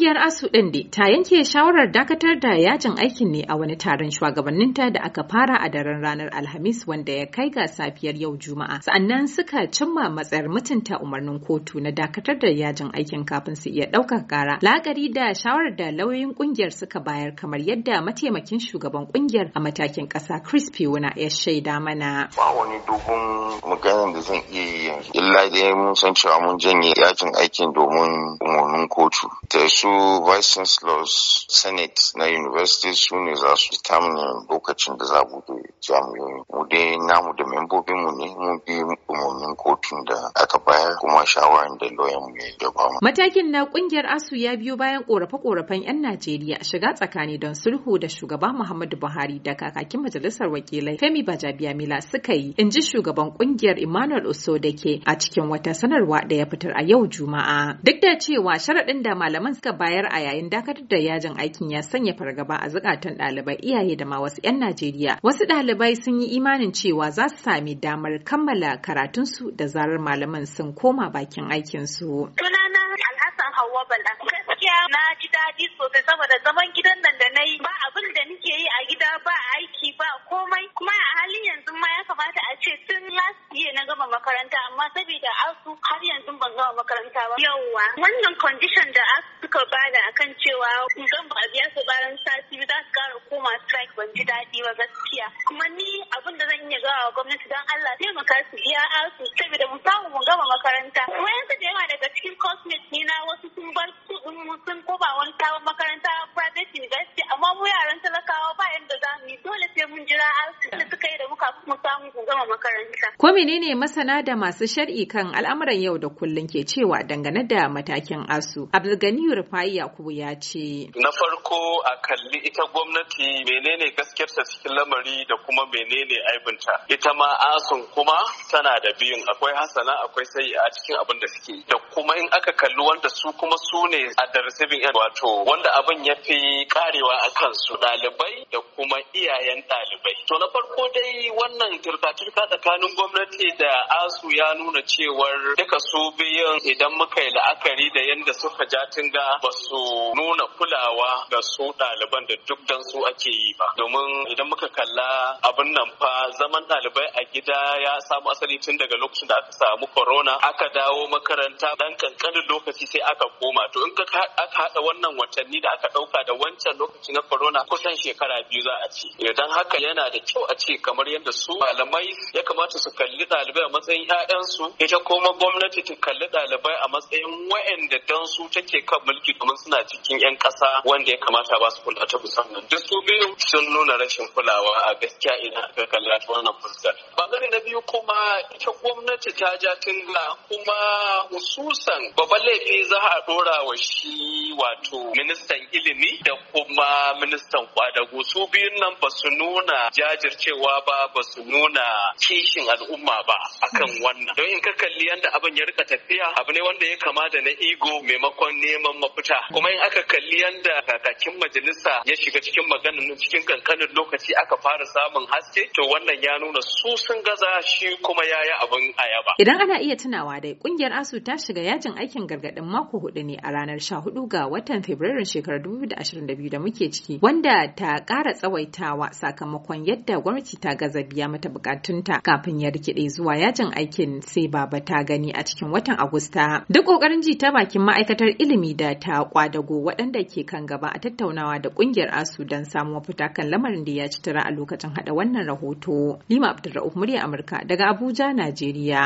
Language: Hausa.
Kungiyar ASU ɗin da ta yanke shawarar dakatar da yajin aikin ne a wani taron ta da aka fara a daren ranar Alhamis wanda ya kai ga safiyar yau Juma'a. Sa'annan suka cimma matsayar mutunta umarnin kotu na dakatar da yajin aikin kafin su iya ɗaukar kara. La'akari da shawarar da lauyoyin kungiyar suka bayar kamar yadda mataimakin shugaban kungiyar a matakin kasa chris Wuna ya shaida mana. Ba wani dogon magana da zan iya yi yanzu. Illa dai mun san cewa mun janye yajin aikin domin umarnin kotu. Da su wasu vice laws senate na university su ne za su determine lokacin da za bude jami'o'i mu dai namu da mu ne mu bi umarnin kotun da aka bayar kuma shawarar da lawyer mu ya ba mu matakin na kungiyar asu ya biyo bayan korafe-korafen yan najeriya shiga tsakani don sulhu da shugaba muhammadu buhari da kakakin majalisar wakilai femi bajabiya mila suka yi in ji shugaban kungiyar emmanuel oso da ke a cikin wata sanarwa da ya fitar a yau juma'a duk da cewa sharaɗin da malaman suka bayar a yayin dakatar da yajin aikin ya sanya fargaba a zukatan ɗalibai iyaye da ma wasu 'yan Najeriya. Wasu ɗalibai sun yi imanin cewa za su sami damar kammala karatun su da zarar malaman sun koma bakin aikinsu. Sunana Alhassan Hauwa Bala. Gaskiya na ji daɗi sosai saboda zaman gidan nan da na yi ba makaranta amma saboda asu har yanzu ban gama makaranta ba yawwa wannan condition da suka bada akan cewa zan ba biya su bayan sati za su kara koma strike ban ji daɗi ba gaskiya kuma ni abin da zan iya gawa gwamnati don Allah taimaka su biya asu saboda mu samu mu gama makaranta yanzu da yawa daga cikin cosmate ni na wasu sun bar su sun ba wani sabon makaranta private university amma mu yaran talakawa ba yadda za mu yi dole sai mun jira asu da suka yi da muka mu samu mu gama makaranta Ko menene masana da masu shar'i kan al'amuran yau da kullum ke cewa dangane da matakin asu? Abdulgani Rufai Yakubu ya ce. Na farko a kalli ita gwamnati menene gaskiyarta cikin lamari da kuma menene aibinta. Ita ma asun kuma tana da biyun akwai hasana akwai sai a cikin abin da suke. Da kuma in aka kalli wanda su kuma su ne a da receiving end wato wanda abin ya fi karewa a kansu ɗalibai da kuma iyayen ɗalibai. To na farko dai wannan turka-turka tsakanin gwamnati gwamnati da asu ya nuna cewar duka su biyun idan muka yi la'akari da yadda suka ja tunga ba su nuna kulawa ga su ɗaliban da duk dan su ake yi ba domin idan muka kalla abin nan fa zaman ɗalibai a gida ya samu asali tun daga lokacin da aka samu corona aka dawo makaranta dan kankanin lokaci sai aka koma to in aka haɗa wannan watanni da aka ɗauka da wancan lokaci na corona kusan shekara biyu za a ci idan haka yana da kyau a ce kamar yadda su malamai ya kamata su kalli ɗalibai a matsayin 'ya'yansu ita kuma gwamnati ta kalli ɗalibai a matsayin wa'anda dan su take kan mulki domin suna cikin 'yan ƙasa wanda ya kamata ba su kula ta musamman duk su biyu sun nuna rashin kulawa a gaskiya idan aka kalla ta wannan fuskar ita gwamnati ta ja tunga kuma hususan babban laifi za a dora wa shi wato ministan ilimi da kuma ministan kwadago su biyun nan ba su nuna jajircewa ba ba su nuna kishin al'umma ba akan wannan don in ka kalli yadda abin ya rika tafiya abu ne wanda ya kama da na ego maimakon neman mafita kuma in aka kalli yadda kakakin majalisa ya shiga cikin maganin cikin kankanin lokaci aka fara samun haske to wannan ya nuna su sun gaza shi kuma ya yi abin ayaba. Idan ana iya tunawa dai kungiyar ASU ta shiga yajin aikin gargaɗin mako hudu ne a ranar sha 14 ga watan Fabrairun shekarar 2022 da muke ciki wanda ta ƙara tsawaitawa sakamakon yadda gwamnati ta gaza biya mata buƙatunta, kafin ya rikide zuwa yajin aikin sai baba ta gani a cikin watan Agusta. Duk ƙoƙarin ji ta bakin ma'aikatar ilimi da ta ƙwadago waɗanda ke kan gaba a tattaunawa da ƙungiyar ASU don samun mafita kan lamarin da ya ci tara a lokacin haɗa wannan rahoto. Lima Abdulrahman murya Amurka daga Abuja. Abuja, Najeriya.